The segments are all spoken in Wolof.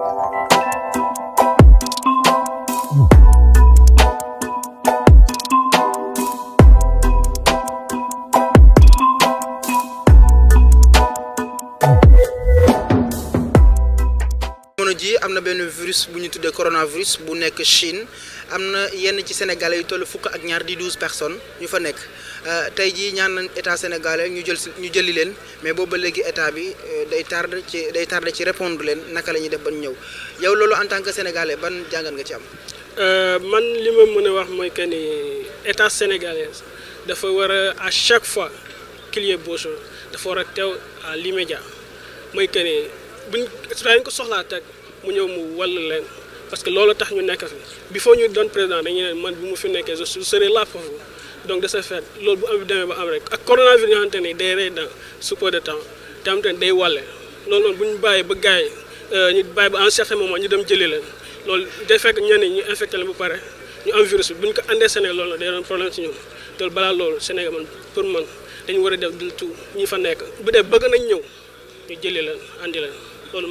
ji am na benn virus bu ñu tuddee coronavirus bu nekk Chine am na yenn ci sénégalais yu toll fukk ak ñaar di douze personnes ñu fa nekk euh, tey jii ñaan nañ état sénégalais ñu jël ñu jëli leen mais boobu ba léegi état bi euh, day tardé ci day tardé ci répondre leen naka la ñuy def ba ñu ñëw yow loolu en tant que sénégalais ban jàngat nga ci am. Euh, man li ma mën a wax mooy que ni état sénégalais dafa war à chaque fois qu'il y dafa war a teew à l'immédiat mooy que ni buñ su ko soxlaa teg mu ñëw mu wall leen. parce que loolu tax ñu nekk fi bi foo ñu doon président dañuy ne man bi mu fi nekkee je serai là pour vous donc de ce fait loolu bu am demee ba am rek ak coronavirus bu ñu bàyyi ba gars yi euh, ñu bàyyi ba à un ñu dem jëli leen loolu day fekk ñenn ñu infecté leen pare ñu am bu ñu ko andee Sénégal loolu day doon problème si ñun te balaa loolu Sénégal dañu war a def du tout ñi fa nekk bu bëgg nañ ñëw ñu jëli leen andi leen loolu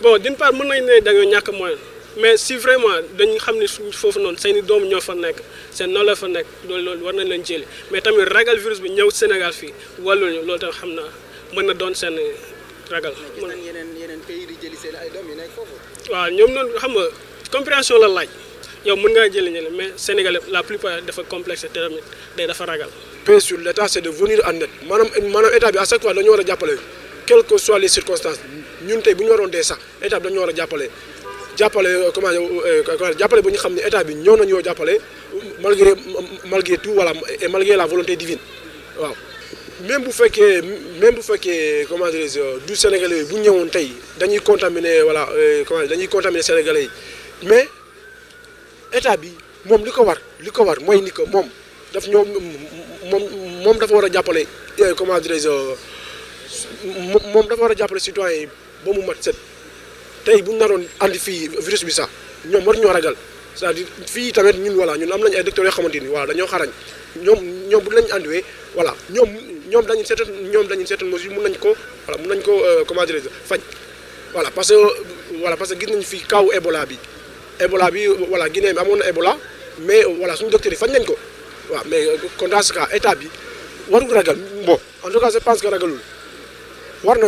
bon d'une part mën nañ ne dañoo ñàkk moyen mais si vraiment dañu xam ne suñ foofu noonu seen i doom ñoo fa nekk seen noo a fa nekk loolu loolu war nañ leen jëli mais tamit ragal virus bi ñëw Sénégal fii wàlluñu loolu tamit xam naa mën na doon seen ragal. mën yeneen yeneen di jëli seen ay doom yi nekk foofu. waaw ñoom noonu xam nga compréhension la laaj yow mën ngaa jëli ñeneen mais Sénégal la plupart dafa complexe te tamit day dafa ragal. bien sûr l' état c' de venir en aide maanaam maanaam état bi à chaque fois dañoo war a jàppale quelles que soient les circonstances ñun tey waroon dee sax état bi dañoo a jàppale. jàppale euh, euh, euh, comment jàppale bu ñu xam ne état bi ñëw nañu jàppale malgré malgré tout voilà et malgré la volonté divine waaw même bu fekkee même bu fekkee comment dirais-je du Sénégalais yi bu ñëwoon tey dañuy contaminer voilà comment dañuy contaminer Sénégalais yi mais état bi moom li ko war li ko war mooy ni que moom daf ñoo moom dafa war a jàppale comment dirais-je moom dafa war a jàppale citoyens yi ba mu mat set. tey bu naroon andi fii virus bi sax ñoom war ñoo ragal c'est-à-dire fii tamit ñun voilà ñun am nañu ay docteurs yoo xamante ni voilà dañoo xarañ ñoom ñoom bu lañu andiwee voilà ñoom ñoom dañu seetal ñoom dañu seetal mesure mun nañ ko voilà mu nañ ko euh, comment dirais-je faj voilà parce que parce que gis nañu fii kaw Ebola bi Ebola bi voilà Guinée amoon na Ebola mais voilà suñu docteur yi faj nañ ko waaw mais euh, kon dans ce cas état bi warul ragal bon en tout cas je pense que ragalul war na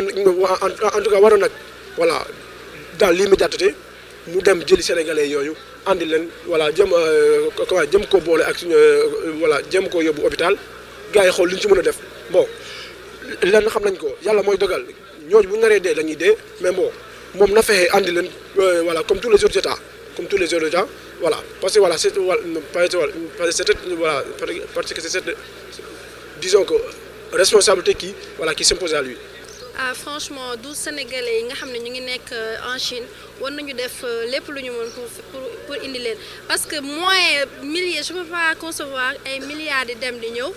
en tout cas waroon nag voilà lii l'immédiateté mu dem jëli sénégalais yooyu andi leen voilà jëm comment euh, jëm ko boole ak suñu euh, voilà jëm ko yóbbu hôpital gars yi xool li ñu ci mën a def bon lenn xam nañ ko yàlla mooy dogal ñooñ bu ñu naree dee dañuy dee mais bon moom na fexe andi leen euh, voilà comme tous les autres états comme tous les autres états voilà parce que voilà c'est voilà parce que voilà parce que c'est cette disons que responsabilité qui voilà ah franchement du sénégalais yi nga xam ne ñu ngi nekk euh, en Chine war ñu def euh, lépp lu ñu mën pour indi leen parce que moyen milliers je peux pas concevoir ay milliards di dem di ñëw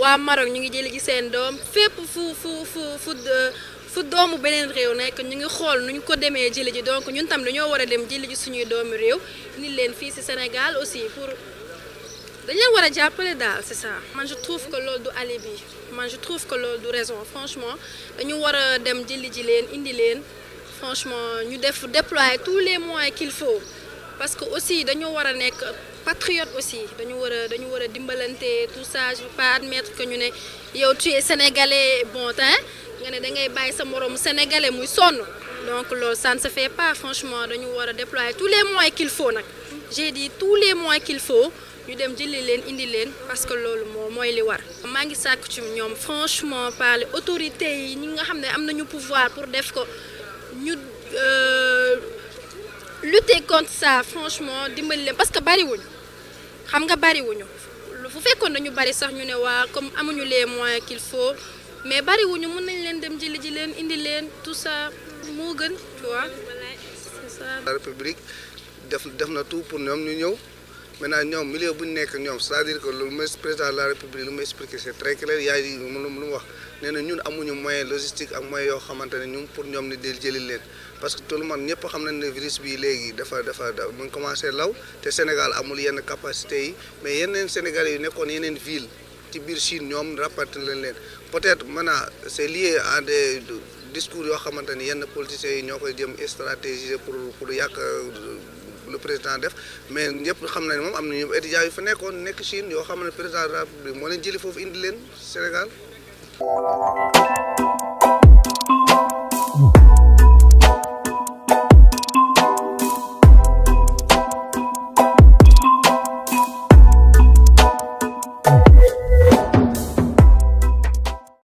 waa Maroc ñu ngi jëli ci seen doom fépp fu fu fu fu euh, fu doomu beneen réew nekk ñu ngi xool nu ñu ko demee jëli ji donc ñun tam dañoo war a dem jëli ji suñuy doomu réew indi leen fii si Sénégal aussi pour. dañ war a jàppale daal c'est ça man je trouve que loolu du alibi man je trouve que loolu du raison franchement dañu war a dem jëli ji leen indi leen franchement ñu def déployer tous les moyens qu'il faut parce que aussi dañoo war a nekk patriote aussi dañu war a dañu war a dimbalante tout ça je veux que ñu ne yow tu es sénégalais bon temps nga ne da ngay bàyyi sa moroom sénégalais muy sonn donc lool ça ne se pas franchement dañu war a déployer tous les mois qu'il faut nag j'ai les moyens qu'il faut ñu dem jëli leen indi leen parce que loolu moo mooy li war maa ngi sàkku ci ñoom franchement parler autorité yi ñi nga xam ne am nañu pouvoir pour def ko ñu euh, lutter contre sa franchement dimbali leen parce que bariwuñu xam nga bariwuñu fu fekkoon ñu bari sax ñu ne waa comme amuñu les moyens qu'il faut mais bariwuñu mën nañ leen dem jëli ji leen indi leen tout ça moo gën tu vois c'est ça. la république def def na tout pour ñoom ñu ñëw. maintenant ñoom milieu bu ñu nekk ñoom c'est-à-dire que lu mes président la république lu mu expliqué c'est très clair yaay yi lu mu wax nee na ñun amuñu moyen logistique ak moyen yoo xamante ne ñun pour ñoom ni del jëli leen parce que tout le monde ñëpp xam nañ ne virus bi léegi dafa dafa mu ngi law te Sénégal amul yenn capacité yi mais yeneen sénégal yi nekkoon yeneen ville ci biir Chine ñoom rapporté lañ leen peut-être maintenant c'est lié à des discours yoo xamante ne yenn politiciens yi ñoo koy jëm stratégie pour pour yàq le président def mais ñëpp xam nañ moom am na ñu étudiants yu fa nekkoon nekk Chine yoo xam ne président de la République moo leen jëli foofu indi leen Sénégal.